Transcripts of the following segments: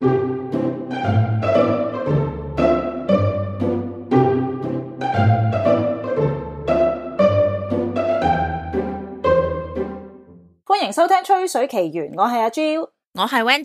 歡迎收聽《吹水奇緣》，我係阿 Jo，我係 Wendy。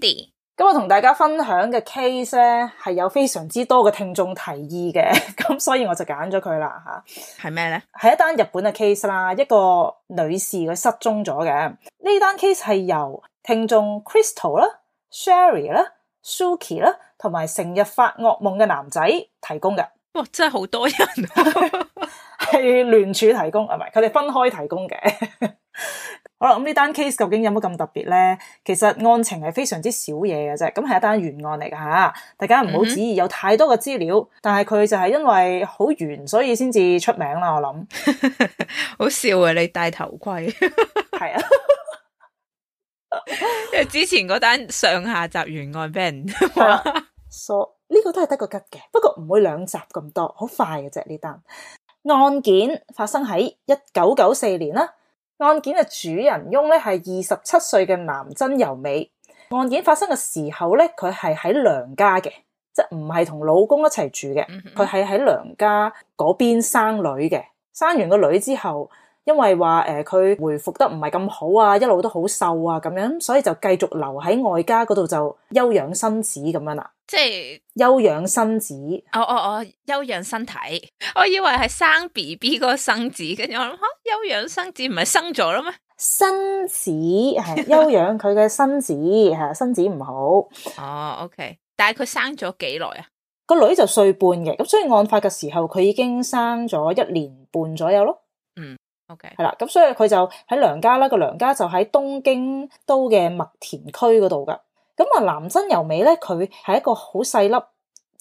今日同大家分享嘅 case 咧，係有非常之多嘅聽眾提議嘅，咁 所以我就揀咗佢啦吓。係咩咧？係一單日本嘅 case 啦，一個女士佢失蹤咗嘅。呢單 case 係由聽眾 Crystal 啦、Sherry 啦。Suki 啦，同埋成日發惡夢嘅男仔提供嘅，哇，真係好多人係、啊、聯 署提供，係咪？佢哋分開提供嘅。 好啦，咁呢單 case 究竟有冇咁特別咧？其實案情係非常之少嘢嘅啫，咁係一單懸案嚟㗎吓，大家唔好指意、嗯、有太多嘅資料，但係佢就係因為好懸所以先至出名啦。我諗 好笑啊，你戴頭盔係啊。 之前嗰單上下集完案，Ben，疏，呢個都係得個吉嘅，不過唔會兩集咁多，好快嘅、啊、啫。呢單案件發生喺一九九四年啦。案件嘅主人翁咧係二十七歲嘅嵐真由美。案件發生嘅時候咧，佢係喺娘家嘅，即係唔係同老公一齊住嘅，佢係喺娘家嗰邊生女嘅。生完個女之後。因為話誒，佢，呃、回復得唔係咁好啊，一路都好瘦啊，咁樣，所以就繼續留喺外家嗰度就休養身子咁樣啦。即係休養身子。哦哦哦，休養身體。我以為係生 B B 嗰個身子，跟住我諗吓，啊，休養身子唔係生咗咯咩？身子係休養佢嘅身子，係 身子唔好。哦，OK。但係佢生咗幾耐啊？個女就歲半嘅，咁所以案發嘅時候佢已經生咗一年半左右咯。嗯。OK，係啦，咁所以佢就喺娘家啦。個娘家就喺東京都嘅墨田區嗰度噶。咁啊，嵐真由美咧，佢係一個好細粒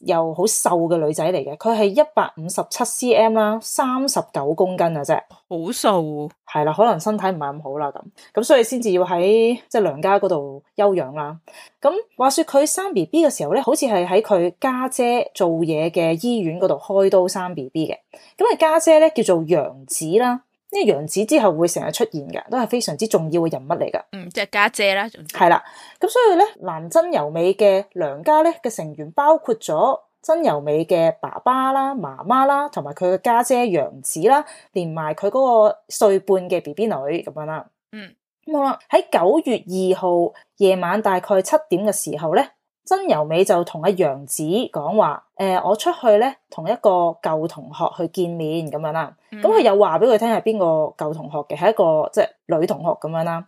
又好瘦嘅女仔嚟嘅。佢係一百五十七 cm 啦，三十九公斤啊，啫，好瘦啊。係啦，可能身體唔係咁好啦，咁咁所以先至要喺即係娘家嗰度休養啦。咁話說佢生 B B 嘅時候咧，好似係喺佢家姐做嘢嘅醫院嗰度開刀生 B B 嘅。咁啊，家姐咧叫做楊子啦。即係楊子之後會成日出現嘅，都係非常之重要嘅人物嚟噶。嗯，即係家姐啦，係啦。咁所以咧，嵐真由美嘅娘家咧嘅成員包括咗真由美嘅爸爸啦、媽媽啦，同埋佢嘅家姐楊子啦，連埋佢嗰個歲半嘅 B B 女咁樣啦。嗯，咁好啦。喺九月二號夜晚大概七點嘅時候咧，真由美就同阿楊子講話：，誒、呃，我出去咧，同一個舊同學去見面咁樣啦。咁、嗯、佢又話俾佢聽係邊個舊同學嘅，係一個即係、就是、女同學咁樣啦。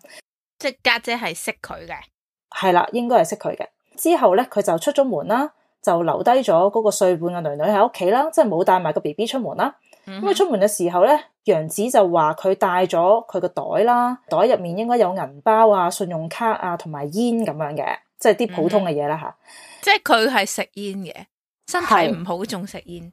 即係家姐係識佢嘅，係啦，應該係識佢嘅。之後咧，佢就出咗門啦，就留低咗嗰個歲半嘅女女喺屋企啦，即係冇帶埋個 BB 出門啦。咁、嗯、佢出門嘅時候咧，楊子就話佢帶咗佢個袋啦，袋入面應該有銀包啊、信用卡啊同埋煙咁樣嘅。即係啲普通嘅嘢啦吓，即係佢係食煙嘅，身體唔好仲食煙，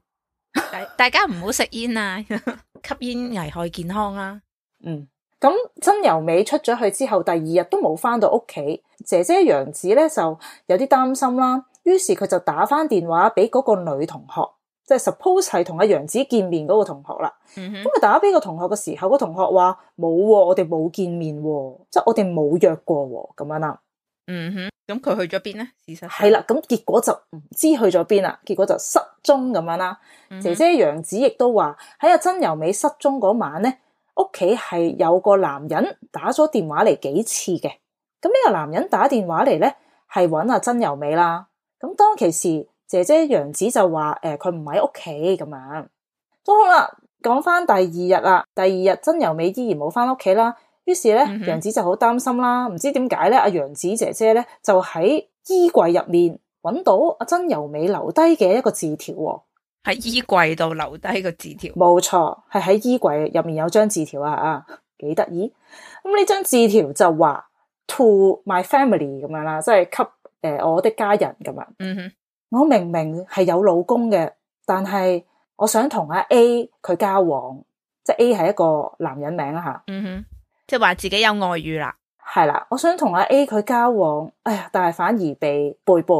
大家唔好食煙啊！ 吸煙危害健康啊！嗯，咁真由美出咗去之後，第二日都冇翻到屋企，姐姐楊子咧就有啲擔心啦。於是佢就打翻電話俾嗰個女同學，即係 suppose 係同阿楊子見面嗰個同學啦。咁佢打俾個同學嘅時候，個同學話冇，我哋冇見面，即係我哋冇約過咁樣啦。嗯哼，咁佢去咗邊咧？事實係啦，咁結果就唔知去咗邊啦，結果就失蹤咁樣啦，嗯。姐姐楊子亦都話喺阿真由美失蹤嗰晚咧，屋企係有個男人打咗電話嚟，幾次嘅。咁呢個男人打電話嚟咧係搵阿真由美啦。咁當其時，姐姐楊子就話誒，佢唔喺屋企咁樣。都好啦，講返第二日啦。第二日，真由美依然冇返屋企啦。於是咧，楊、嗯、子就好擔心啦，唔知點解咧？阿楊子姐姐咧就喺衣櫃入面揾到阿真由美留低嘅一個字條，哦，喺衣櫃度留低個字條。冇錯，係喺衣櫃入面有張字條啊！啊，幾得意。咁呢張字條就話 To my family 咁樣啦，即、就、係、是、給誒我的家人咁樣。嗯哼，我明明係有老公嘅，但係我想同阿 A 佢交往，即係 A 係一個男人名吓，、啊。嗯哼。即係話自己有外遇啦，係啦，我想同阿 A 佢交往，哎呀，但係反而被背叛。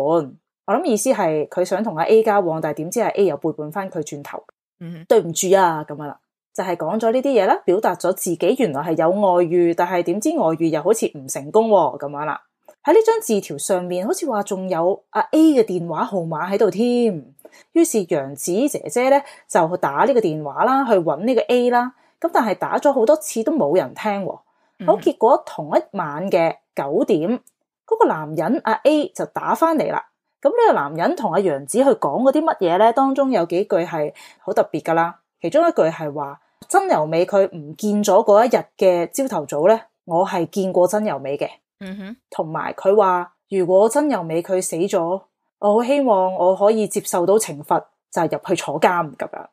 我諗意思係佢想同阿 A 交往，但係點知係 A 又背叛翻佢轉頭。嗯，對唔住啊，咁樣啦，就係講咗呢啲嘢啦，表達咗自己原來係有外遇，但係點知外遇又好似唔成功咁、啊、樣啦。喺呢張字條上面，好似話仲有阿 A 嘅電話號碼喺度添。於是楊子姐姐咧就打呢個電話啦，去搵呢個 A 啦。咁但係打咗好多次都冇人聽、哦，mm -hmm. 好結果同一晚嘅九點，嗰、那個男人阿 A 就打翻嚟。啦咁呢個男人同阿楊子去講嗰啲乜嘢咧？當中有幾句係好特別噶啦。其中一句係話：真由美佢唔見咗嗰一日嘅朝頭早咧，我係見過真由美嘅。嗯、mm、哼 -hmm.，同埋佢話如果真由美佢死咗，我好希望我可以接受到懲罰，就係、是、入去坐監咁樣。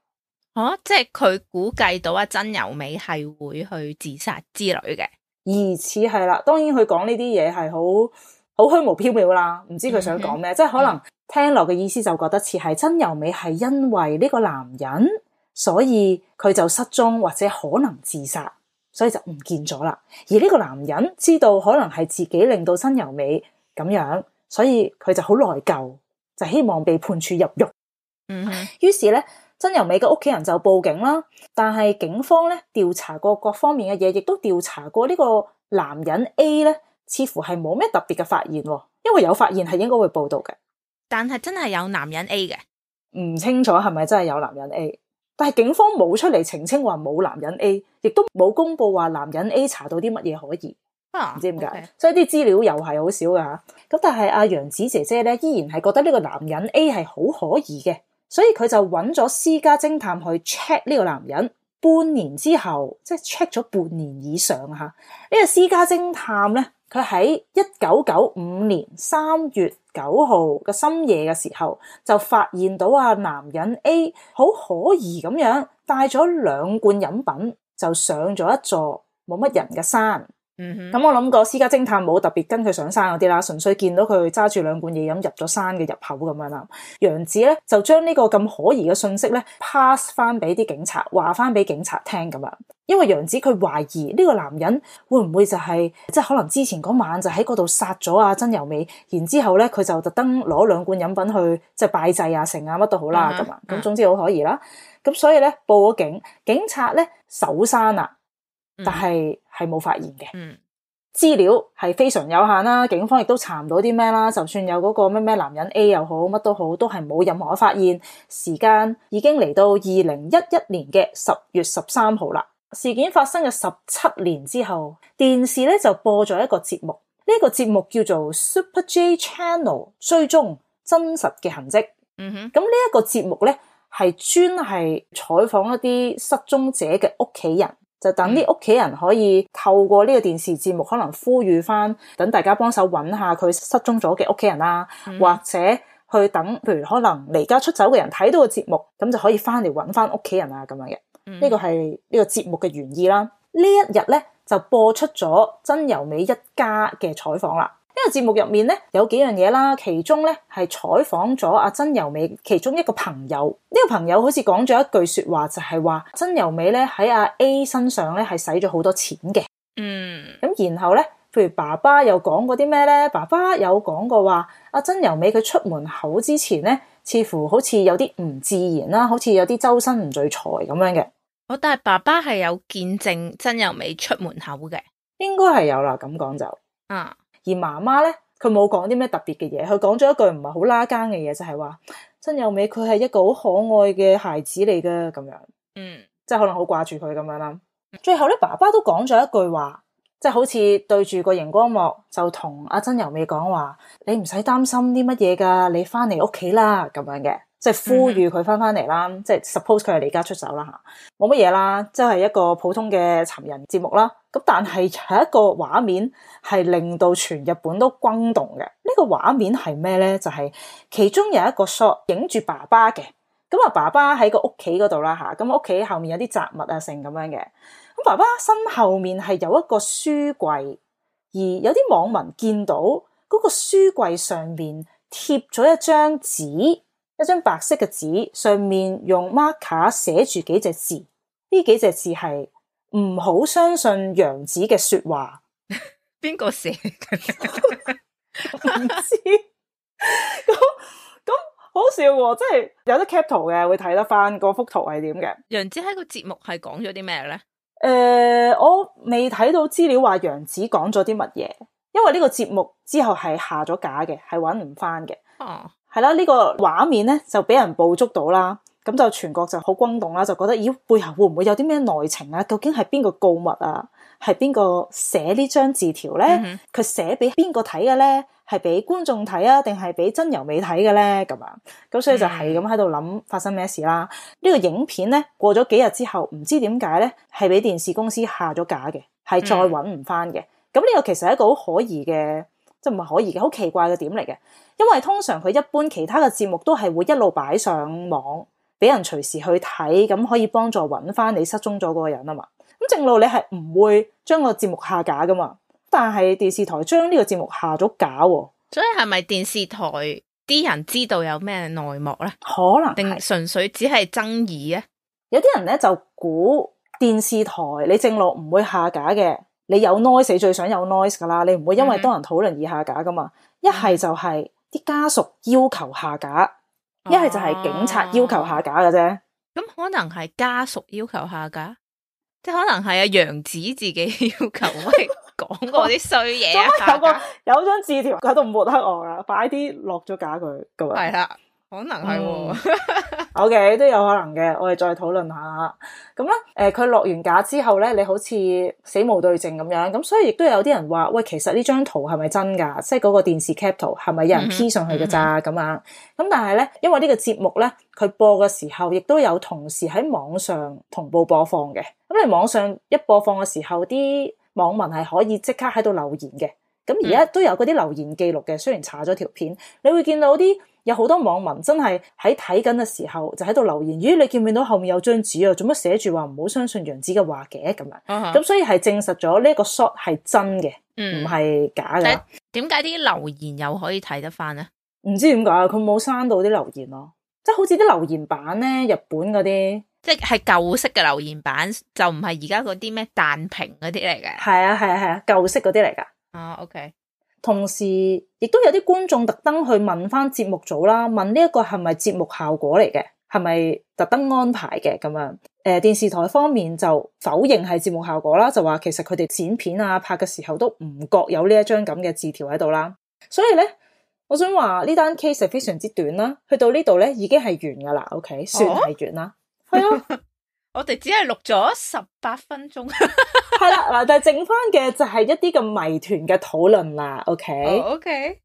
哦，即係佢估計到阿真由美係會去自殺之類嘅，疑似係啦。當然佢講呢啲嘢係好好虛無縹緲啦，唔知佢想講咩。Mm -hmm. 即係可能聽落嘅意思就覺得似係真由美係因為呢個男人，所以佢就失蹤或者可能自殺，所以就唔見咗啦。而呢個男人知道可能係自己令到真由美咁樣，所以佢就好內疚，就希望被判處入獄。嗯、mm -hmm.，於是咧。真由美嘅屋企人就報警啦，但係警方咧，調查過各方面嘅嘢，亦都調查過呢個男人 A 咧，似乎係冇咩特別嘅發現，因為有發現係應該會報道嘅。但係真係有男人 A 嘅，唔清楚係咪真係有男人 A，但係警方冇出嚟澄清話冇男人 A，亦都冇公布話男人 A 查到啲乜嘢可疑，啊、唔知點解，okay. 所以啲資料又係好少噶吓。咁但係阿楊子姐姐咧，依然係覺得呢個男人 A 係好可疑嘅。所以佢就搵咗私家偵探去 check 呢個男人。半年之後，即係 check 咗半年以上吓。呢、呢個私家偵探咧，佢喺一九九五年三月九號嘅深夜嘅時候，就發現到啊男人 A 好可疑咁樣帶咗兩罐飲品就上咗一座冇乜人嘅山。咁、嗯、我諗個私家偵探冇特別跟佢上山嗰啲啦，純粹見到佢揸住兩罐嘢飲入咗山嘅入口咁樣啦。楊子咧就將呢個咁可疑嘅信息咧 pass 翻俾啲警察，話翻俾警察聽咁啊。因為楊子佢懷疑呢個男人會唔會就係即係可能之前嗰晚就喺嗰度殺咗阿真由美，然之後咧佢就特登攞兩罐飲品去即係、就係、拜祭啊、成啊乜都好啦咁啊。咁、嗯、總之好可疑啦。咁所以咧報咗警，警察咧守山啦。但係係冇發現嘅資料係非常有限啦，警方亦都查唔到啲咩啦。就算有嗰個咩咩男人 A 又好，乜都好，都係冇任何發現。時間已經嚟到二零一一年嘅十月十三號啦。事件發生嘅十七年之後，電視咧就播咗一個節目，呢個節目叫做 Super J Channel 追蹤真實嘅痕跡。嗯哼，咁呢一個節目咧係專係採訪一啲失蹤者嘅屋企人。就等啲屋企人可以透過呢個電視節目，可能呼籲翻，等大家幫手揾下佢失蹤咗嘅屋企人啦，嗯，或者去等，譬如可能離家出走嘅人睇到個節目，咁就可以翻嚟揾翻屋企人啊，咁樣嘅。呢、嗯呢個係呢個節目嘅原意啦。一呢一日咧就播出咗真由美一家嘅採訪啦。呢、這個節目入面咧有幾樣嘢啦，其中咧係採訪咗嵐真由美其中一個朋友。呢、這個朋友好似講咗一句說話，就係話真由美咧喺阿 A 身上咧係使咗好多錢嘅。嗯，咁然後咧，譬如爸爸又講過啲咩咧？爸爸有講過話嵐真由美佢出門口之前咧，似乎好似有啲唔自然啦，好似有啲周身唔聚財咁樣嘅。我但係爸爸係有見證真由美出門口嘅，應該係有啦。咁講就啊。而媽媽咧，佢冇講啲咩特別嘅嘢，佢講咗一句唔係好拉更嘅嘢，就係話：真由美佢係一個好可愛嘅孩子嚟㗎。」咁樣，嗯，即係可能好掛住佢咁樣啦。最後咧，爸爸都講咗一句話，即係好似對住個熒光幕就同阿真由美講話：你唔使擔心啲乜嘢噶，你翻嚟屋企啦咁樣嘅。。即係呼籲佢翻翻嚟啦，即係 suppose 佢係離家出走啦嚇，冇乜嘢啦，即係一個普通嘅尋人節目啦。咁但係有一個畫面係令到全日本都轟動嘅。呢個畫面係咩咧？就係其中有一個 shot 影住爸爸嘅。咁啊，爸爸喺個屋企嗰度啦嚇，咁屋企後面有啲雜物啊，剩咁樣嘅。咁爸爸身後面係有一個書櫃，而有啲網民見到嗰個書櫃上面貼咗一張紙。一張白色嘅紙，上面用 marker 寫住幾隻字，呢幾隻字係唔好相信楊子嘅說話。邊個寫嘅？唔 知。咁 咁好笑、哦，即係有得 cap 圖嘅會睇得翻嗰幅圖係點嘅。楊子喺個節目係講咗啲咩咧？誒、uh，我未睇到資料話楊子講咗啲乜嘢，因為呢個節目之後係下咗架嘅，係搵唔翻嘅。哦、huh.。係啦，呢、這個畫面咧就俾人捕捉到啦，咁就全國就好轟動啦，就覺得咦，背後會唔會有啲咩內情啊？究竟係邊個告密啊？係邊個寫呢張字條咧？佢、mm -hmm. 寫俾邊個睇嘅咧？係俾觀眾睇啊，定係俾真由美睇嘅咧？咁啊，咁所以就係咁喺度諗發生咩事啦？呢、mm -hmm. 個影片咧過咗幾日之後，唔知點解咧係俾電視公司下咗架嘅，係再揾唔翻嘅。咁、mm、呢 -hmm. 個其實係一個好可疑嘅。即唔係可疑嘅，好奇怪嘅點嚟嘅？因為通常佢一般其他嘅節目都係會一路擺上網，俾人隨時去睇，咁可以幫助揾翻你失蹤咗嗰個人啊嘛。咁正路你係唔會將個節目下架噶嘛？但係電視台將呢個節目下咗架啊，所以係咪電視台啲人知道有咩內幕呢？可能定純粹只係爭議啊？有啲人咧就估電視台你正路唔會下架嘅。你有 noise，你最想有 noise 噶啦，你唔會因為多人討論而下架噶嘛？一、嗯、係就係啲家屬要求下架，一、啊、係就係警察要求下架嘅啫。咁、啊、可能係家屬要求下架，即係可能係阿楊子自己要求喂講過啲衰嘢。有個有張字條佢都唔抹黑我啦，快啲落咗架佢咁啊！係啦。可能係、啊 oh. ，OK 都有可能嘅，我哋再討論下。咁咧，誒、呃，佢落完架之後咧，你好似死無對證咁樣，咁所以亦都有啲人話，喂，其實呢張圖係咪真噶？即係嗰個電視 cap 圖係咪有人 P 上去㗎咋咁樣？咁但係咧，因為呢個節目咧，佢播嘅時候，亦都有同時喺網上同步播放嘅。咁你網上一播放嘅時候，啲網民係可以即刻喺度留言嘅。咁而家都有嗰啲留言記錄嘅，雖然查咗條片，你會見到啲有好多網民真係喺睇緊嘅時候就喺度留言。咦，你見唔見到後面有張紙啊？做乜寫住話唔好相信楊子嘅話嘅咁啊？咁、嗯、所以係證實咗呢個 shot 係真嘅，唔係假嘅。點解啲留言又可以睇得翻咧？唔知點解佢冇刪到啲留言咯，即係好似啲留言版咧，日本嗰啲，即係舊式嘅留言版，就唔係而家嗰啲咩彈屏嗰啲嚟嘅。係啊係啊係啊，舊、啊啊、式嗰啲嚟噶。啊，OK，同時亦都有啲觀眾特登去問翻節目組啦，問呢一個係咪節目效果嚟嘅，係咪特登安排嘅咁樣？誒、呃，電視台方面就否認係節目效果啦，就話其實佢哋剪片啊拍嘅時候都唔覺有呢一張咁嘅字條喺度啦。所以咧，我想話呢單 case 係非常之短啦，去到呢度咧已經係完噶啦，OK，算係完啦，係、哦、啊。 我哋只係錄咗十八分鐘，係啦嗱，但係剩翻嘅就係一啲嘅謎團嘅討論啦。OK，OK，OK? oh, okay. 誒、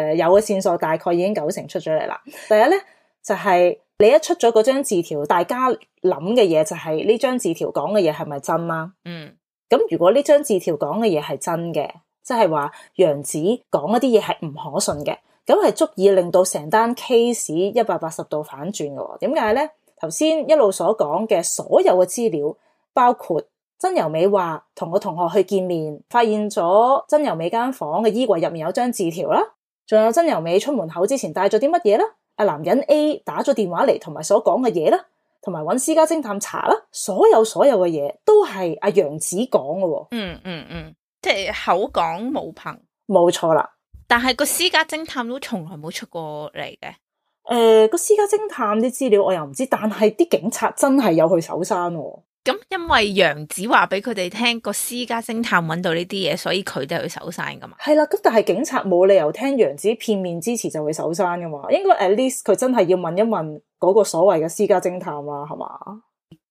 呃，有嘅線索大概已經九成出咗嚟啦。第一咧就係、係、你一出咗嗰張字條，大家諗嘅嘢就係呢張字條講嘅嘢係咪真啦？嗯，咁如果呢張字條講嘅嘢係真嘅，即係話楊子講一啲嘢係唔可信嘅，咁係足以令到成單 case 一百八十度反轉嘅。點解咧？頭先一路所講嘅所有嘅資料，包括真由美話同個同學去見面，發現咗真由美間房嘅衣櫃入面有張字條啦，仲有真由美出門口之前帶咗啲乜嘢啦，阿男人 A 打咗電話嚟同埋所講嘅嘢啦，同埋揾私家偵探查啦，所有所有嘅嘢都係阿楊子講嘅。嗯嗯嗯，即係口講冇憑，冇錯啦。但係個私家偵探都從來冇出過嚟嘅。誒、呃，個私家偵探啲資料我又唔知，但係啲警察真係有去搜山，啊。咁因為楊子話俾佢哋聽個私家偵探揾到呢啲嘢，所以佢哋去搜山噶嘛。係啦，咁但係警察冇理由聽楊子片面之詞就會搜山噶嘛。應該 at least 佢真係要問一問嗰個所謂嘅私家偵探啦，啊，係嘛？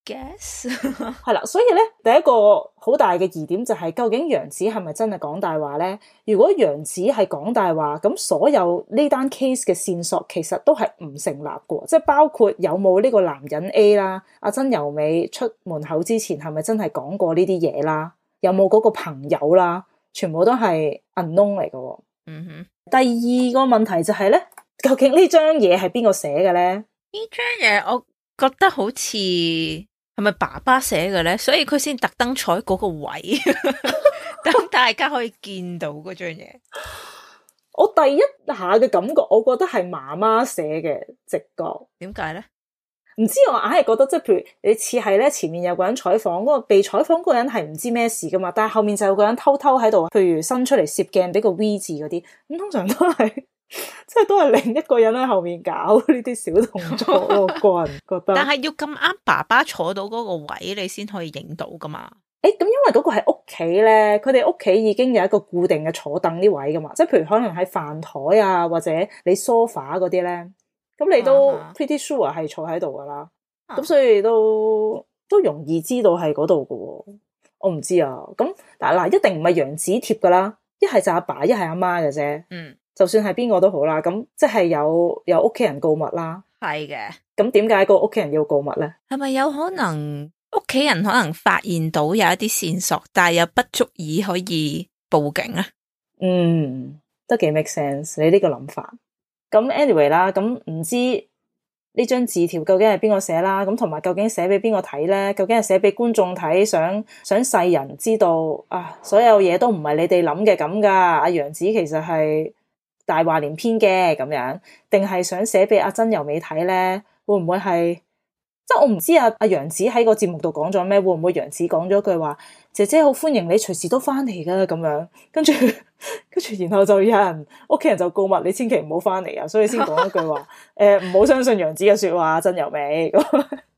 係啦， 所以咧，第一個好大嘅疑點就係，究竟楊子係咪真係講大話咧？如果楊子係講大話，咁所有呢單 case 嘅線索其實都係唔成立嘅，即係包括有冇呢個男人 A 啦，阿真由美出門口之前係咪真係講過呢啲嘢啦？有冇嗰個朋友啦？全部都係 unknown 嚟嘅。嗯哼，第二個問題就係咧，究竟呢張嘢係邊個寫嘅咧？呢張嘢我覺得好似。係咪爸爸寫嘅咧？所以佢先特登坐嗰個位，等 大家可以見到嗰張嘢。我第一下嘅感覺，我覺得係媽媽寫嘅，直覺。點解咧？唔知，我硬係覺得，即係譬如你似係咧前面有個人採訪，嗰、嗰個被採訪嗰個人係唔知咩事噶嘛。但係後面就有個人偷偷喺度，譬如伸出嚟攝鏡，俾個 V 字嗰啲。咁通常都係。 即 係都係另一個人喺後面搞呢啲小動作，我個人覺得。 但係要咁啱爸爸坐到嗰個位，你先可以影到噶嘛？誒、欸，咁因為嗰個係屋企咧，佢哋屋企已經有一個固定嘅坐凳呢位噶嘛，即係譬如可能喺飯台啊，或者你梳化嗰啲咧，咁你都 pretty sure 係坐喺度噶啦，咁所以都都容易知道係嗰度噶。我唔知啊，咁但係嗱，一定唔係楊子貼噶啦，一係就阿爸、爸，一係阿媽嘅啫。嗯。就算係邊個都好啦，咁即係有有屋企人告密啦，係嘅。咁點解個屋企人要告密呢？係咪有可能屋企人可能發現到有一啲線索，但係又不足以可以報警啊？嗯，都幾 make sense。你呢個諗法。咁 anyway 啦，咁唔知呢張字條究竟係邊個寫啦？咁同埋究竟寫俾邊個睇呢？究竟係寫俾觀眾睇，想想世人知道啊，所有嘢都唔係你哋諗嘅咁噶。阿楊、啊、子其實係。大話連篇嘅咁樣，定係想寫俾阿真由美睇咧？會唔會係即係我唔知阿阿、啊啊、楊子喺個節目度講咗咩？會唔會楊子講咗句話？姐姐好歡迎你，隨時都翻嚟噶咁樣。跟住跟住，然後就有人屋企人就告密，你千祈唔好翻嚟啊！所以先講一句話，誒、 呃，唔好相信楊子嘅說話，真由美。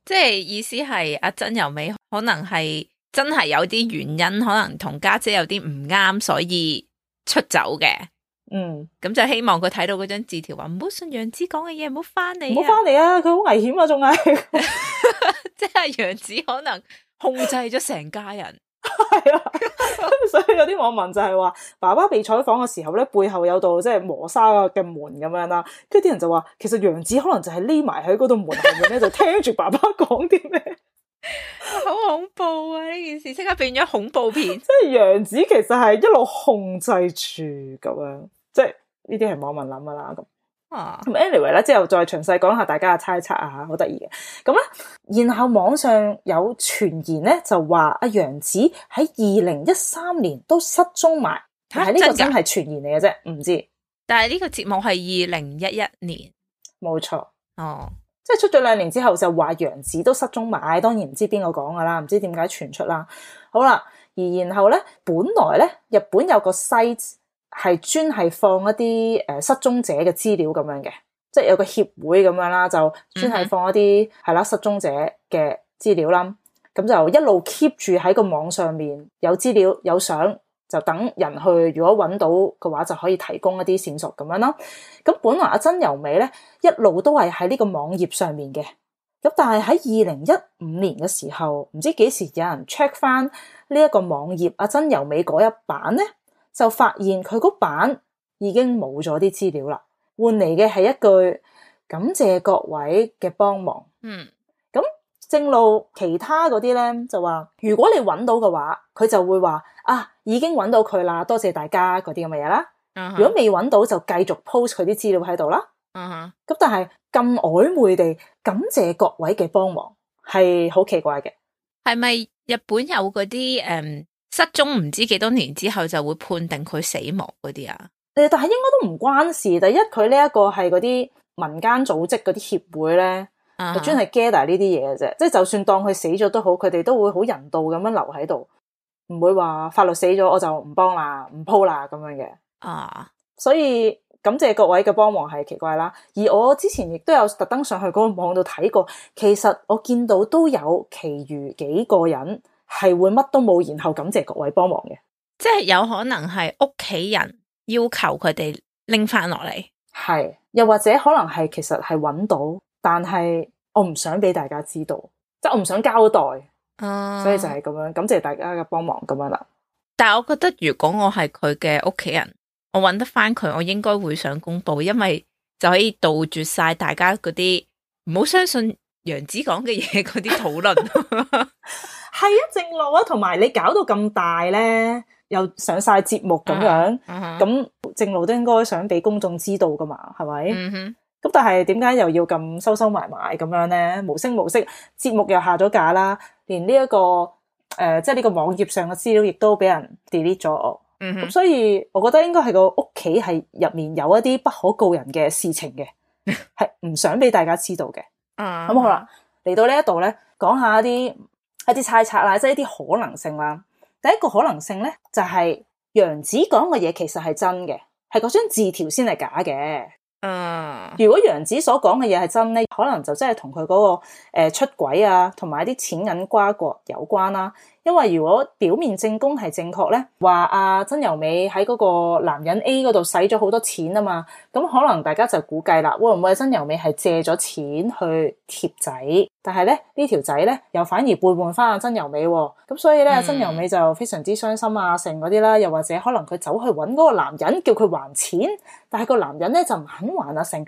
即係意思係阿真由美可能係真係有啲原因，可能同家姐,姐有啲唔啱，所以出走嘅。嗯，咁就希望佢睇到嗰張字條話唔好信楊子講嘅嘢，唔好翻嚟，唔好翻嚟啊！佢好危險啊，仲係即係楊子可能控制咗成家人 ，係啊。所以有啲網民就係話，爸爸被採訪嘅時候咧，背後有道即係磨砂嘅門咁樣啦，跟住啲人就話，其實楊子可能就係匿埋喺嗰度門後面咧，就聽住爸爸講啲咩。 好恐怖啊！呢件事即刻變咗恐怖片，即係楊子其實係一路控制住咁樣，即係呢啲係網民諗噶啦咁啊。咁 Anyway 啦，之後再詳細講下大家嘅猜測啊，好得意嘅。咁咧，然後網上有傳言咧就話阿楊子喺二零一三年都失蹤埋，啊，但係呢個真係傳言嚟嘅啫，唔知。但係呢個節目係二零一一年，冇錯哦。即係出咗兩年之後就話楊子都失蹤埋，當然唔知邊個講㗎啦，唔知點解傳出啦。好啦，而然後咧，本來咧日本有個 site 係專係放一啲誒失蹤者嘅資料咁樣嘅，即係有個協會咁樣啦，就專係放一啲係啦失蹤者嘅資料啦，咁就一路 keep 住喺個網上面有資料有相。就等人去，如果揾到嘅話，就可以提供一啲線索咁樣咯。咁本來阿真由美咧，一路都係喺呢個網頁上面嘅。咁但係喺二零一五年嘅時候，唔知幾時有人 check 翻呢一個網頁，阿真由美嗰一版咧，就發現佢嗰版已經冇咗啲資料啦，換嚟嘅係一句感謝各位嘅幫忙。嗯，咁正路其他嗰啲咧就話，如果你揾到嘅話，佢就會話。啊！已經揾到佢啦，多謝大家嗰啲咁嘅嘢啦。Uh -huh. 如果未揾到，就繼續 post 佢啲資料喺度啦。咁、uh -huh. 但係咁曖昧地感謝各位嘅幫忙，係好奇怪嘅。係咪日本有嗰啲誒失蹤唔知幾多年之後就會判定佢死亡嗰啲啊？但係應該都唔關事。第一，佢呢一個係嗰啲民間組織嗰啲協會咧，uh -huh. 就專係 gather 呢啲嘢嘅啫。即係就算當佢死咗都好，佢哋都會好人道咁樣留喺度。唔會話法律死咗我就唔幫啦，唔 po 啦咁樣嘅啊，所以感謝各位嘅幫忙係奇怪啦。而我之前亦都有特登上去嗰個網度睇過，其實我見到都有其餘幾個人係會乜都冇，然後感謝各位幫忙嘅，即係有可能係屋企人要求佢哋拎返落嚟，係又或者可能係其實係揾到，但係我唔想俾大家知道，即係我唔想交代。啊，所以就係咁樣，感謝大家嘅幫忙咁樣啦。但係我覺得如果我係佢嘅屋企人，我揾得返佢，我應該會想公布，因為就可以杜絕晒大家嗰啲唔好相信楊子講嘅嘢嗰啲討論。係 啊，正路啊，同埋你搞到咁大咧，又上晒節目咁樣，咁、啊啊、正路都應該想俾公眾知道㗎嘛，係咪？嗯咁但係點解又要咁收收埋埋咁樣咧？無聲無息，節目又下咗架啦，連呢一個誒，即係呢個網頁上嘅資料亦都俾人 delete 咗。咁、mm -hmm. 所以我覺得應該係個屋企係入面有一啲不可告人嘅事情嘅，係 唔想俾大家知道嘅。咁、mm -hmm. 好啦，嚟到呢一度咧，講下一啲一啲猜測啦，即係一啲可能性啦。第一個可能性咧，就係楊子講嘅嘢其實係真嘅，係嗰張字條先係假嘅。嗯，如果楊子所講嘅嘢係真咧，可能就真係同佢嗰個誒出軌啊，同埋一啲錢銀瓜葛有關啦、啊。因為如果表面證供係正確咧，話阿真由美喺嗰個男人 A 嗰度使咗好多錢啊嘛，咁可能大家就估計啦，會唔會真由美係借咗錢去貼仔？但係咧呢條仔咧又反而背叛翻阿真由美喎，咁所以咧、嗯、真由美就非常之傷心啊，成嗰啲啦，又或者可能佢走去揾嗰個男人叫佢還錢，但係個男人咧就唔肯還啊，成。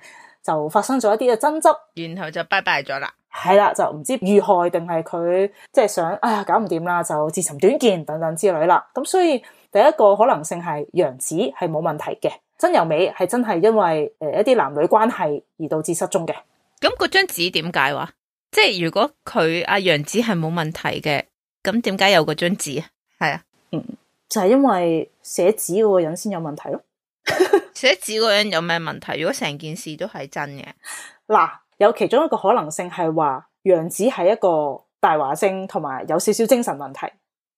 就發生咗一啲嘅爭執，然後就拜拜咗啦。係啦，就唔知遇害定係佢即係想哎呀，搞唔掂啦，就自尋短見等等之類啦。咁所以第一個可能性係楊子係冇問題嘅，真由美係真係因為誒、呃、一啲男女關係而導致失蹤嘅。咁嗰張紙點解話？即係如果佢阿楊子係冇問題嘅，咁點解有嗰張紙？係啊，嗯，就係、是、因為寫紙嗰個人先有問題咯。寫紙嗰樣有咩問題？如果成件事都係真嘅，嗱，有其中一個可能性係話楊子係一個大話精，同埋有，有少少精神問題，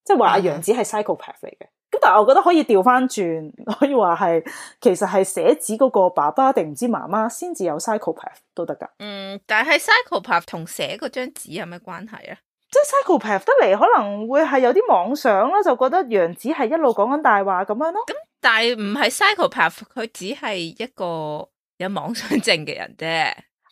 即係話楊子係 psychopath 嚟嘅。咁、嗯、但係我覺得可以調翻轉，可以話係其實係寫紙嗰個爸爸定唔知媽媽先至有 psychopath 都得噶。嗯，但係 psychopath 同寫嗰張紙有咩關係啊？即係 psychopath 得嚟，可能會係有啲妄想啦，就覺得楊子係一路講緊大話咁樣咯。嗯。但係唔係 psychopath，佢只係一個有妄想症嘅人啫。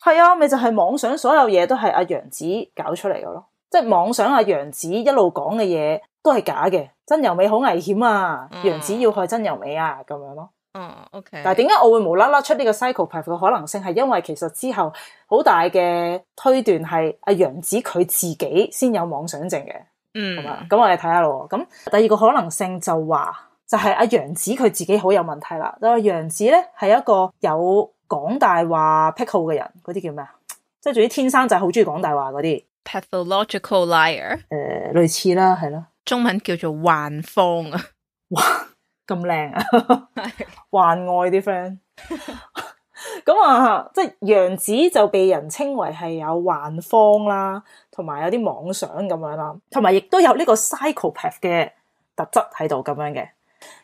係啊，咪就係、是、妄想，所有嘢都係阿楊子搞出嚟嘅咯。即係妄想阿楊子一路講嘅嘢都係假嘅，真由美好危險啊！楊、嗯、子要去真由美啊，咁樣咯。哦、嗯、，OK。但係點解我會無啦啦出呢個 psychopath 嘅可能性？係因為其實之後好大嘅推斷係阿楊子佢自己先有妄想症嘅。嗯，係嘛？咁我哋睇下咯。咁第二個可能性就話、是。就係阿楊子佢自己好有問題啦。阿楊子咧，係一個有講大話癖好嘅人，嗰啲叫咩啊？即係仲有啲天生就係好中意講大話嗰啲。pathological liar，誒、呃、類似啦，係咯。中文叫做幻方啊！哇，咁靚啊！ 幻愛啲 friend。咁 啊，即係楊子就被人稱為係有幻方啦，同埋有啲妄想咁樣啦，同埋亦都有呢個 psychopath 嘅特質喺度咁樣嘅。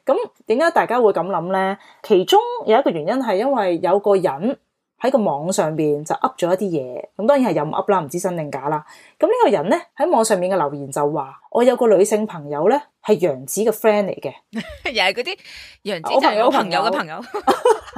咁點解大家會咁諗咧？其中有一個原因係因為有個人喺個網上邊就 up 咗一啲嘢，咁當然係任 up 啦，唔知真定假啦。咁呢個人咧喺網上面嘅留言就話：我有個女性朋友咧係楊子嘅 friend 嚟嘅，又係嗰啲楊子朋友 子有朋友嘅朋友，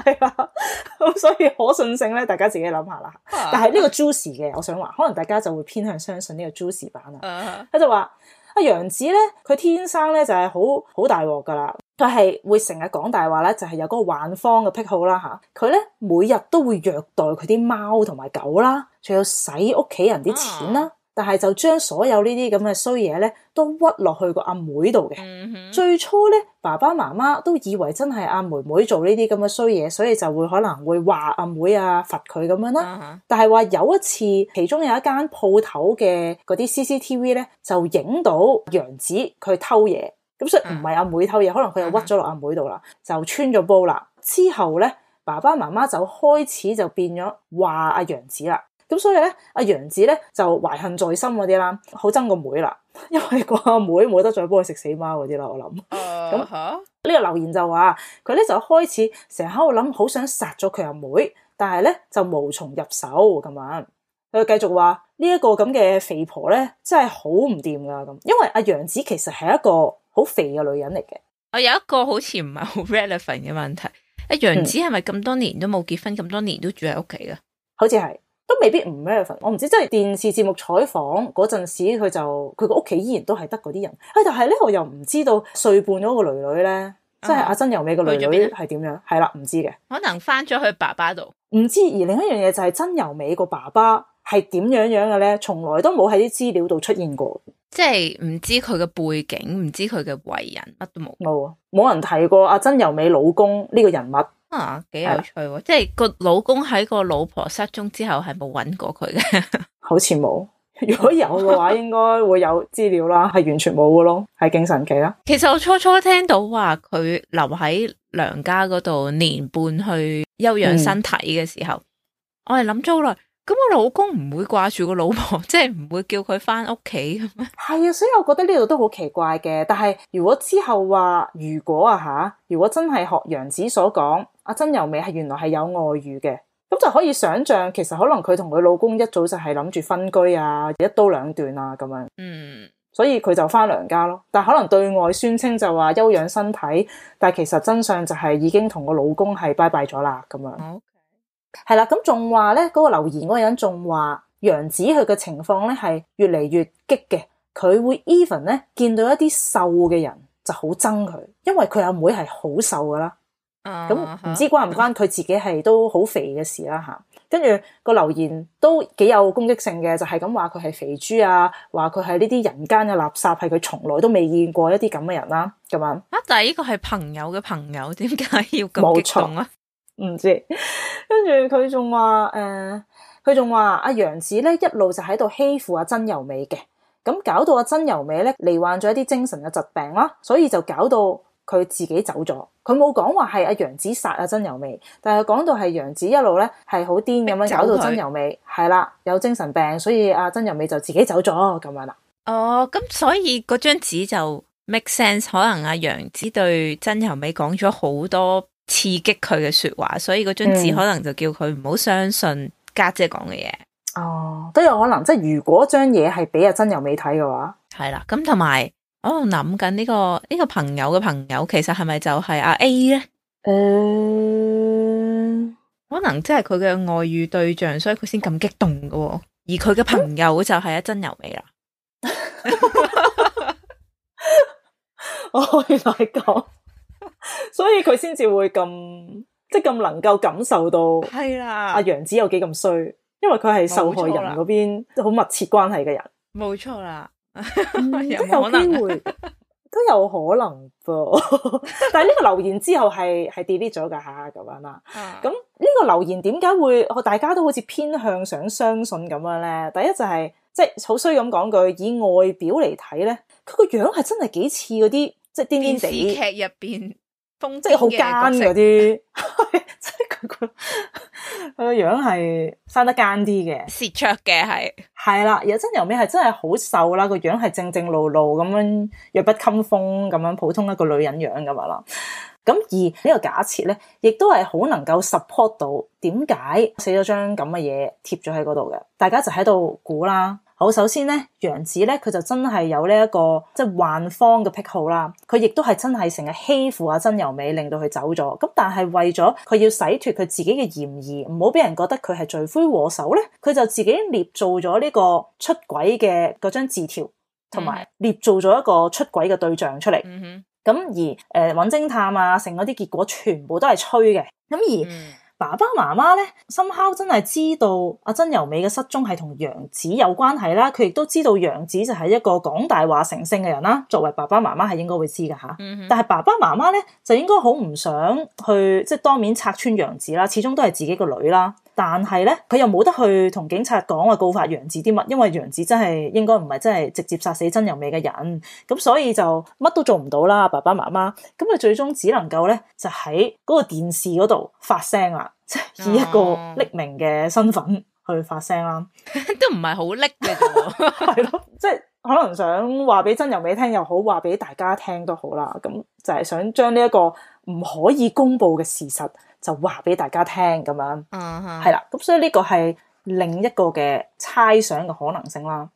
係 啊。咁所以可信性咧，大家自己諗下啦。但係呢個 Juicy 嘅，我想話，可能大家就會偏向相信呢個 Juicy 版啦。佢 就話。啊，楊子呢，佢天生呢就係好好大鑊㗎啦，佢係會成日講大話呢就係、是、有嗰個幻謊嘅癖好啦。佢呢每日都會虐待佢啲貓同埋狗啦，仲要使屋企人啲錢啦。但係就將所有呢啲咁嘅衰嘢咧，都屈落去個阿妹度嘅，嗯。最初咧，爸爸媽媽都以為真係阿妹妹做呢啲咁嘅衰嘢，所以就會可能會話阿妹啊，罰佢咁樣啦，嗯。但係話有一次，其中有一間鋪頭嘅嗰啲 CCTV 咧，就影到楊子佢偷嘢，咁所以唔係阿妹偷嘢，可能佢又屈咗落阿妹度啦，就穿咗煲啦。之後咧，爸爸媽媽就開始就變咗話阿楊子啦。咁所以咧，阿楊子咧就懷恨在心嗰啲啦，好憎個妹啦，因為個阿妹冇得再幫佢食死貓嗰啲啦，我諗。咁嚇呢個留言就話佢咧就開始成日喺度諗，好想殺咗佢阿妹，但係咧就無從入手咁樣。佢繼續話呢一個咁嘅肥婆咧，真係好唔掂噶咁，因為阿楊子其實係一個好肥嘅女人嚟嘅。我有一個好似唔係好 relevant 嘅問題，阿楊子係咪咁多年都冇結婚，咁多年都住喺屋企噶？好似係。都未必唔，我唔知，即係電視節目採訪嗰陣時，佢就佢個屋企依然都係得嗰啲人。但係呢，我又唔知道歲半咗個女女呢，即係阿真由美個女女係點樣，係啦，唔知嘅。可能翻咗去爸爸度，唔知。而另一樣嘢就係真由美個爸爸係點樣樣嘅呢？從來都冇喺啲資料度出現過，即係唔知佢嘅背景，唔知佢嘅為人，乜都冇，冇冇人提過阿真由美老公呢個人物。啊，幾有趣喎！即係個老公喺個老婆失蹤之後，係冇揾過佢嘅，好似冇。如果有嘅話，應該會有資料啦，係 完全冇嘅咯，係勁神奇啦。其實我初初聽到話佢留喺娘家嗰度年半去休養身體嘅時候，嗯、我係諗咗好耐。咁我老公唔會掛住個老婆，即係唔會叫佢翻屋企咁啊？係啊，所以我覺得呢度都好奇怪嘅。但係如果之後話如果啊吓，如果真係學楊子所講。阿真由美係原來係有外遇嘅，咁就可以想象，其實可能佢同佢老公一早就係諗住分居啊，一刀兩斷啊咁樣。嗯，所以佢就返娘家咯。但可能對外宣稱就話休養身體，但其實真相就係已經同個老公係拜拜咗啦咁樣。O K，係啦，咁仲話咧嗰個留言嗰個人仲話楊子佢嘅情況咧係越嚟越激嘅，佢會 even 咧見到一啲瘦嘅人就好憎佢，因為佢阿妹係好瘦噶啦咁、嗯、唔、嗯、知關唔關佢自己係都好肥嘅事啦、啊、吓、嗯，跟住、個留言都幾有攻擊性嘅，就係咁話佢係肥豬啊，話佢係呢啲人間嘅垃圾，係佢從來都未見過一啲咁嘅人啦，咁啊，樣，但係呢個係朋友嘅朋友，點解要咁激動啊？唔知， 跟住佢仲話誒，佢仲話阿楊子咧一路就喺度欺負阿真由美嘅，咁搞到阿真由美咧罹患咗一啲精神嘅疾病啦、啊，所以就搞到。佢自己走咗，佢冇講話係阿楊子殺阿真由美，但係講到係楊子一路咧係好癲咁樣搞到真由美係啦有精神病，所以阿真由美就自己走咗咁樣啦。哦，咁所以嗰張紙就 make sense，可能阿楊子對真由美講咗好多刺激佢嘅說話，所以嗰張紙可能就叫佢唔好相信家姐講嘅嘢。哦，都有可能，即係如果張嘢係俾阿真由美睇嘅話，係啦，咁同埋。我喺度諗緊呢個呢、呢個朋友嘅朋友，其實係咪就係阿 A 咧？誒、uh，可能即係佢嘅外遇對象，所以佢先咁激動嘅。而佢嘅朋友就係嵐真由美啦。我可以同你講，所以佢先至會咁即係咁能夠感受到對。係、啊、啦，阿楊子有幾咁衰，因為佢係受害人嗰邊好密切關係嘅人。冇錯啦。都、 嗯、有機會，都有可能噃。 但係呢個留言之後係係 delete 咗噶吓咁樣啦。咁呢個留言點解會大家都好似偏向想相信咁樣咧？第一就係、是、即係好衰咁講句，以外表嚟睇咧，佢個樣係真係幾似嗰啲即係癲癲地，電視劇入邊，即係好奸嗰啲。佢個 樣係生得奸啲嘅，蝕著嘅係，係啦，嵐真由美係真係好瘦啦，個樣係正正路路咁樣弱不禁風咁樣普通一個女人樣咁啦，咁而呢個假設咧，亦都係好能夠 support 到點解寫咗張咁嘅嘢貼咗喺嗰度嘅，大家就喺度估啦。好，首先咧，楊子咧，佢就真係有呢一個即係幻方嘅癖好啦。佢亦都係真係成日欺負阿真由美，令到佢走咗。咁但係為咗佢要洗脱佢自己嘅嫌疑，唔好俾人覺得佢係罪魁禍首咧，佢就自己捏造咗呢個出軌嘅嗰張字條，同埋捏造咗一個出軌嘅對象出嚟。咁、mm -hmm. 而誒，搵、呃、偵探啊，成嗰啲結果全部都係吹嘅，咁而。Mm -hmm. 爸爸媽媽咧，somehow 真係知道阿真由美嘅失蹤係同楊子有關係啦。佢亦都知道楊子就係一個講大話成性嘅人啦。作為爸爸媽媽係應該會知㗎吓。但係爸爸媽媽咧就應該好唔想去即係當面拆穿楊子啦。始終都係自己個女啦。但係咧，佢又冇得去同警察講話告發楊子啲乜，因為楊子真係應該唔係真係直接殺死真由美嘅人，咁所以就乜都做唔到啦，爸爸媽媽。咁佢最終只能夠咧就喺嗰個電視嗰度發聲啦，即係以一個匿名嘅身份去發聲啦，都唔係好匿嘅，係咯，即係可能想話俾真由美聽又好，話俾大家聽都好啦，咁就係想將呢一個唔可以公佈嘅事實。就話俾大家聽咁樣，係、嗯、啦，咁所以呢個係另一個嘅猜想嘅可能性啦。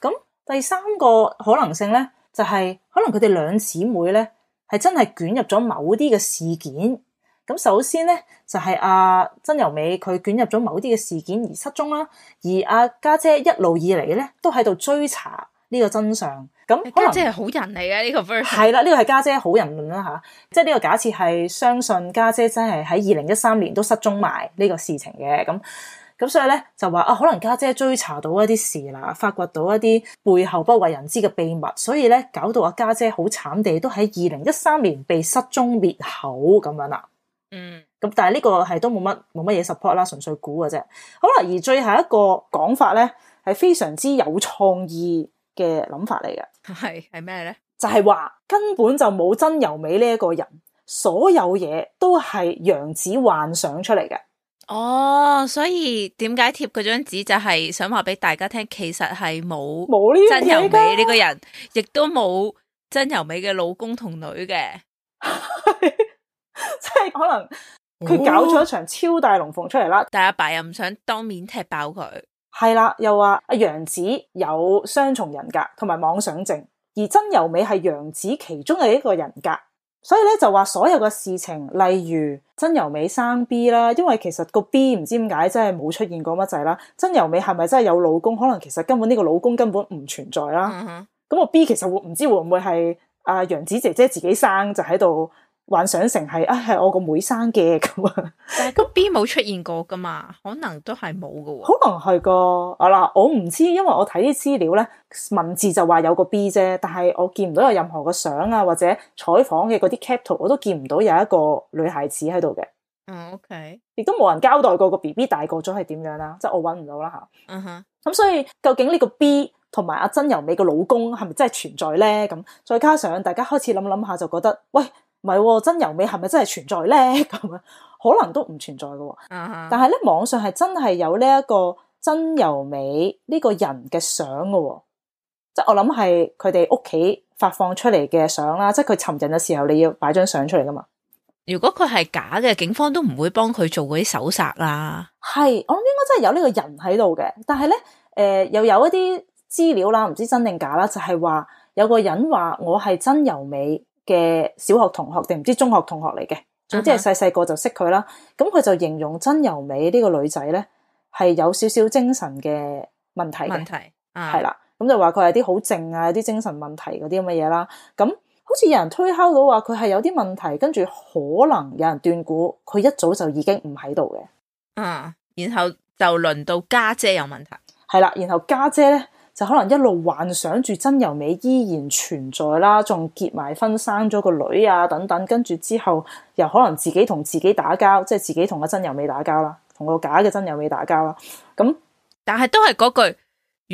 咁第三個可能性咧，就係、是、可能佢哋兩姊妹咧係真係捲入咗某啲嘅事件。咁首先咧，就係、是、阿、啊、真由美佢捲入咗某啲嘅事件而失蹤啦，而阿、啊、家姐，姐一路以嚟咧都喺度追查。呢、呢個真相，咁可能家姐係好人嚟嘅呢個 version 係啦，呢、呢個係家姐好人論啦吓，即係呢個假設係相信家姐真係喺二零一三年都失蹤埋呢個事情嘅咁，咁，所以咧就話啊，可能家姐追查到一啲事啦，發掘到一啲背後不為人知嘅秘密，所以咧搞到阿家姐好慘地都喺二零一三年被失蹤滅口咁樣啦。嗯，咁但係呢個係都冇乜冇乜嘢 support 啦，純粹估嘅啫。好啦，而最後一個講法咧係非常之有創意。嘅諗法嚟嘅，係係咩咧？就係、是、話根本就冇真由美呢一個人，所有嘢都係陽子幻想出嚟嘅。哦，所以點解貼嗰張紙就係想話俾大家聽，其實係冇冇呢真由美呢個人，亦都冇真由美嘅老公同女嘅，即 係 可能佢搞咗一場超大龍鳳出嚟啦、哦，但阿爸，爸又唔想當面踢爆佢。係啦，又話阿楊子有雙重人格同埋妄想症，而真由美係楊子其中嘅一個人格，所以咧就話所有嘅事情，例如真由美生 B 啦，因為其實個 B 唔知點解真係冇出現過乜滯啦，真由美係咪真係有老公？可能其實根本呢個老公根本唔存在啦。咁、嗯、個 B 其實會唔知會唔會係阿楊子姐姐自己生就喺度。幻想成係啊，係、哎、我個妹，妹生嘅咁啊， 但個 B 冇出現過噶嘛，可能都係冇噶喎。可能係個好啦我唔知，因為我睇啲資料咧，文字就話有個 B 啫，但係我見唔到有任何嘅相啊，或者採訪嘅嗰啲截圖，我都見唔到有一個女孩子喺度嘅。嗯，OK，亦都冇人交代過個 B B 大個咗係點樣啦，即、就、係、是，我搵唔到啦、啊、吓。嗯哼，咁所以究竟呢個 B 同埋嵐真由美個老公係咪真係存在咧？咁再加上大家開始諗諗下，就覺得喂。唔係、哦、真由美係咪真係存在咧？咁啊，可能都唔存在噶、哦。Uh -huh. 但係咧，網上係真係有呢一個真由美呢個人嘅相噶，即、就、係、是、我諗係佢哋屋企發放出嚟嘅相啦。即係佢尋人嘅時候，你要擺張相出嚟噶嘛。如果佢係假嘅，警方都唔會幫佢做嗰啲搜殺啦。係我諗應該真係有呢個人喺度嘅，但係咧，誒、呃、又有一啲資料啦，唔知道真定假啦，就係、是、話有個人話我係真由美嘅小學同學定唔知中學同學嚟嘅，總之係細細個就識佢啦。咁、uh、佢 -huh. 就形容真由美呢個女仔咧係有少少精神嘅問題嘅，係啦。咁、啊、就話佢係啲好靜啊，啲精神問題嗰啲咁嘅嘢啦。咁好似有人推敲到話佢係有啲問題，跟住可能有人斷估佢一早就已經唔喺度嘅。嗯、啊，然後就輪到家姐，姐有問題，係啦，然後家姐咧。就可能一路幻想住真由美依然存在啦，仲結埋婚生咗個女啊，等等，跟住之後又可能自己同自己打交，即係自己同阿真由美打交啦，同個假嘅真由美打交啦。咁、嗯、但係都係嗰句，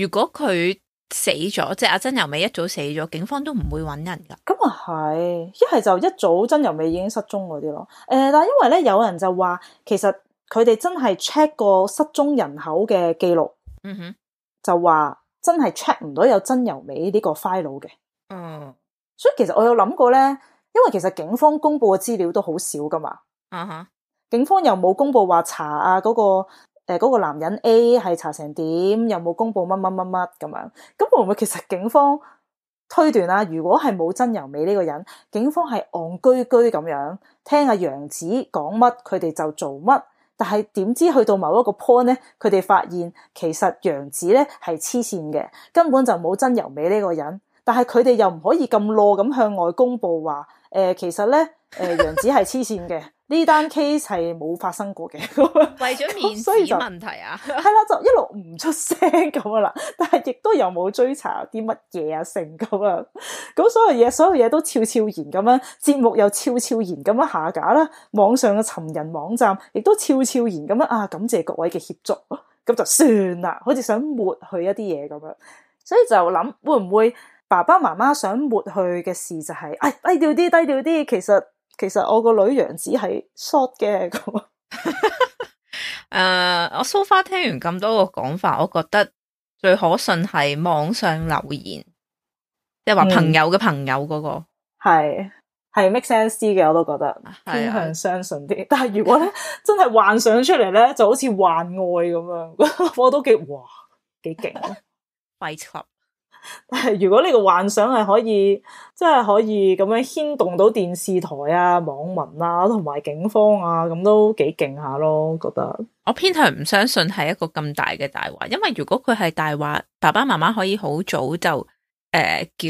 如果佢死咗，即係阿真由美一早死咗，警方都唔會揾人噶。咁啊係，一係就一早真由美已經失蹤嗰啲咯。誒、呃，但係因為咧，有人就話，其實佢哋真係 check 過失蹤人口嘅記錄，嗯哼，就話。真係 check 唔到有真由美呢個 file 嘅，嗯，所以其實我有諗過咧，因為其實警方公布嘅資料都好少噶嘛，嗯哼，警方又冇公布話查啊嗰個，誒嗰個男人 A 係查成點，又冇公布乜乜乜乜咁樣，咁會唔會其實警方推斷啊？如果係冇真由美呢個人，警方係戇居居咁樣聽阿楊子講乜，佢哋就做乜？但係點知去到某一個 point 呢？佢哋發現其實楊子呢係黐線嘅，根本就冇真由美呢個人。但係佢哋又唔可以咁裸咁向外公布話，誒、呃，其實呢，誒、呃，楊子係黐線嘅。呢單 case 係冇發生過嘅， 為咗面子就問題啊，係 啦，就一路唔出聲咁啊啦， 但係亦都又冇追查啲乜嘢啊成咁啊，咁 所有嘢，所有嘢都悄悄然咁樣，節目又悄悄然咁樣下架啦，網上嘅尋人網站亦都悄悄然咁樣啊，感謝各位嘅協助，咁就算啦，好似想抹去一啲嘢咁樣，所以就諗會唔會爸爸媽媽想抹去嘅事就係、是，哎低調啲低調啲，其實。其實我個女楊子係 short 嘅，誒 ，uh, 我 so far 聽完咁多個講法，我覺得最可信係網上留言，即係話朋友嘅朋友嗰、嗰個，係、嗯、係 make sense 啲嘅，我都覺得係傾向、yeah. 相信啲。但係如果咧真係幻想出嚟咧，就好似幻愛咁樣， 我都幾哇幾勁，Fight Club。但係，如果呢個幻想係可以，即係可以咁樣牽動到電視台啊、網民啊同埋警方啊，咁都幾勁下咯。覺得我偏向唔相信係一個咁大嘅大話，因為如果佢係大話，爸爸媽媽可以好早就誒、呃、叫，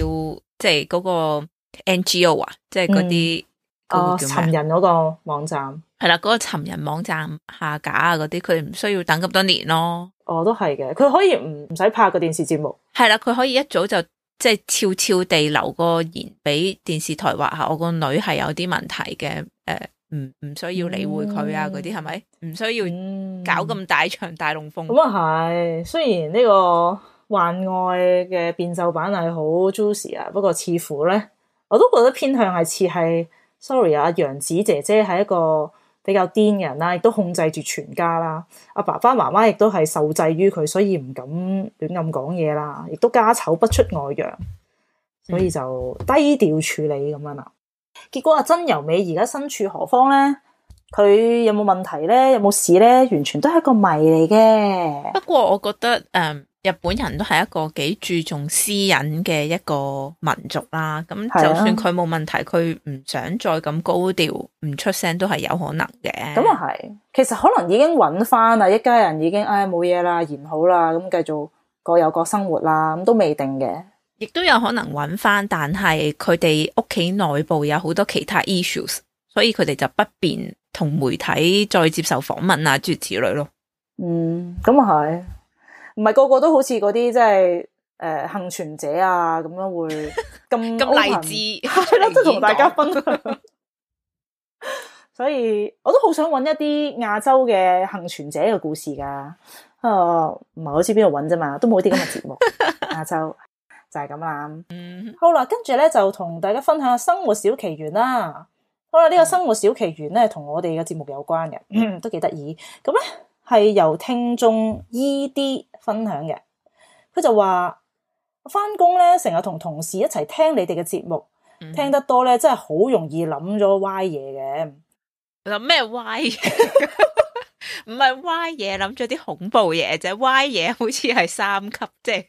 即係嗰個 NGO 啊，即係嗰啲啊尋人嗰個網站係啦，嗰個尋人網站下架啊，嗰啲佢唔需要等咁多年咯。哦，都係嘅，佢可以唔唔使拍個電視節目。係啦，佢可以一早就即係悄悄地留個言俾電視台，話下我個女係有啲問題嘅，誒、呃，唔唔需要理會佢啊，嗰啲係咪？唔需要搞咁大場大龍鳳。咁啊係，雖然呢個幻愛嘅變奏版係好 juicy 啊，不過似乎咧，我都覺得偏向係似係，sorry 啊，楊子姐姐係一個。比較癲嘅人啦，亦都控制住全家啦。阿爸爸、媽媽亦都係受制於佢，所以唔敢亂咁講嘢啦。亦都家醜不出外揚，所以就低調處理咁樣啦，嗯。結果阿真由美而家身處何方呢？佢有冇問題呢？有冇事呢？完全都係一個謎嚟嘅。不過我覺得，誒、嗯。日本人都係一個幾注重私隱嘅一個民族啦，咁就算佢冇問題，佢唔、啊、想再咁高調，唔出聲都係有可能嘅。咁啊係，其實可能已經揾翻啦，一家人已經唉冇嘢啦，言、哎、好啦，咁繼續各有各生活啦，咁都未定嘅。亦都有可能揾翻，但係佢哋屋企內部有好多其他 issues，所以佢哋就不便同媒體再接受訪問啊，諸如此類咯。嗯，咁啊係。唔係個個都好似嗰啲即係誒幸存者，啊咁樣會咁咁勵志係咯，即係同大家分享， 所以我都好想揾一啲亞洲嘅幸存者嘅故事噶。誒、哦，唔係好似邊度揾啫嘛，都冇啲咁嘅節目。亞 洲就係、是、咁 啦，啦。好啦，跟住咧就同大家分享下生活小奇懸啦。好啦，呢個生活小奇懸咧同我哋嘅節目有關嘅、嗯，都幾得意。咁咧。係由聽眾依啲分享嘅，佢就話，我翻工，咧成日同同事一齊聽你哋嘅節目，聽得多咧真係好容易諗咗歪嘢嘅。諗咩歪？唔係歪嘢，諗咗啲恐怖嘢就係歪嘢，好似係三級，即係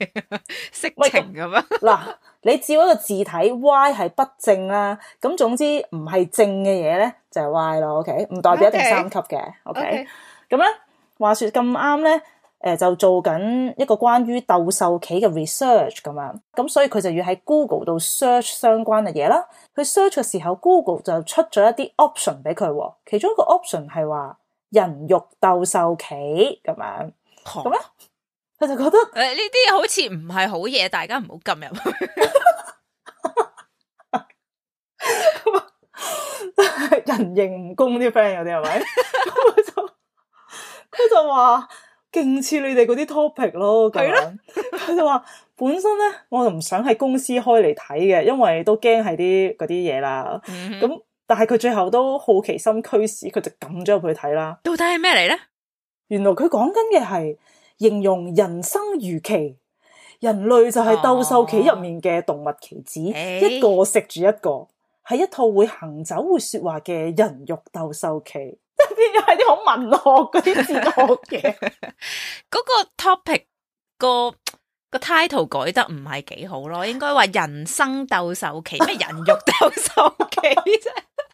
色情咁樣！嗱，你照一個字體，歪係不正啦。咁總之唔係正嘅嘢咧就係歪咯。O K，唔代表一定三級嘅。O K，咁咧。話說咁啱咧，誒就做緊一個關於鬥獸棋嘅 research 咁樣，咁所以佢就要喺 Google 度 search 相關嘅嘢啦。佢 search 嘅時候，Google 就出咗一啲 option 俾佢，其中一個 option 係話人肉鬥獸棋咁樣。嚇！佢就覺得誒呢啲好似唔係好嘢，大家唔好撳入去。 人形蜈蚣啲 friend 有啲係咪？是 佢就話勁似你哋嗰啲 topic 咯，係啦。佢 就話本身咧，我就唔想喺公司開嚟睇嘅，因為都驚係啲嗰啲嘢啦。咁、嗯、但係佢最後都好奇心驅使，佢就撳咗入去睇啦。到底係咩嚟咧？原來佢講緊嘅係形容人生如棋，人類就係鬥獸棋入面嘅動物棋子，哦、一個食住一個，係一套會行走會說話嘅人肉鬥獸棋。即係變咗啲好文學嗰啲哲學嘅，嗰個 topic 個個 title 改得唔係幾好咯，應該話人生鬥獸棋咩人肉鬥獸棋啫，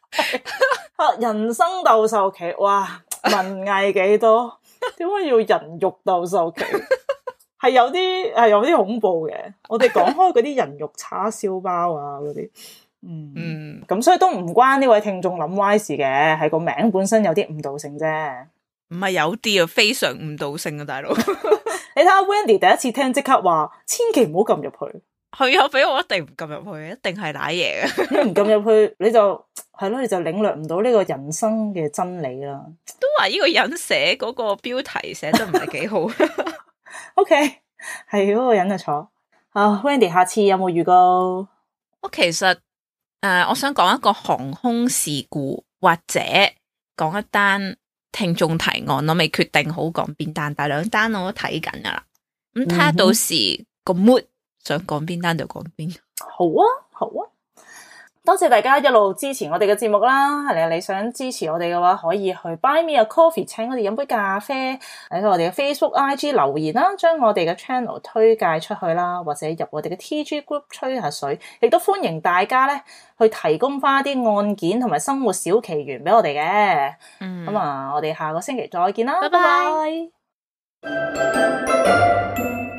人生鬥獸棋哇文藝幾多，點解要人肉鬥獸棋係有啲係有啲恐怖嘅，我哋講開嗰啲人肉叉燒包啊嗰啲。嗯，咁、嗯、所以都唔關呢位聽眾諗歪事嘅，係個名本身有啲誤導性啫。唔係有啲啊，非常誤導性啊，大佬。 你睇下 Wendy 第一次聽即刻話，千祈唔好撳入去。佢又俾我一定唔撳入去，一定係瀨嘢。 你唔撳入去，你就係咯，你就領略唔到呢個人生嘅真理啦。都話呢個人寫嗰個標題寫得唔係幾好。 OK，係嗰、嗰個人嘅錯啊。Uh, Wendy，下次有冇預告？我其實。誒、uh，我想講一個航空事故，或者講一單聽眾提案，我未決定好講邊單，但兩單我都睇緊㗎喇。咁他到時、嗯、個 mood，想講邊單就講邊。好啊，好啊。多謝大家一路支持我哋嘅節目啦！係啊，你想支持我哋嘅話，可以去 Buy Me A Coffee，請我哋飲杯咖啡，喺我哋嘅 Facebook、IG 留言啦，將我哋嘅 channel 推介出去啦，或者入我哋嘅 TG group 吹下水，亦都歡迎大家呢去提供翻一啲案件同埋生活小奇懸俾我哋嘅。嗯，咁啊，我哋下個星期再見啦，拜拜。Bye bye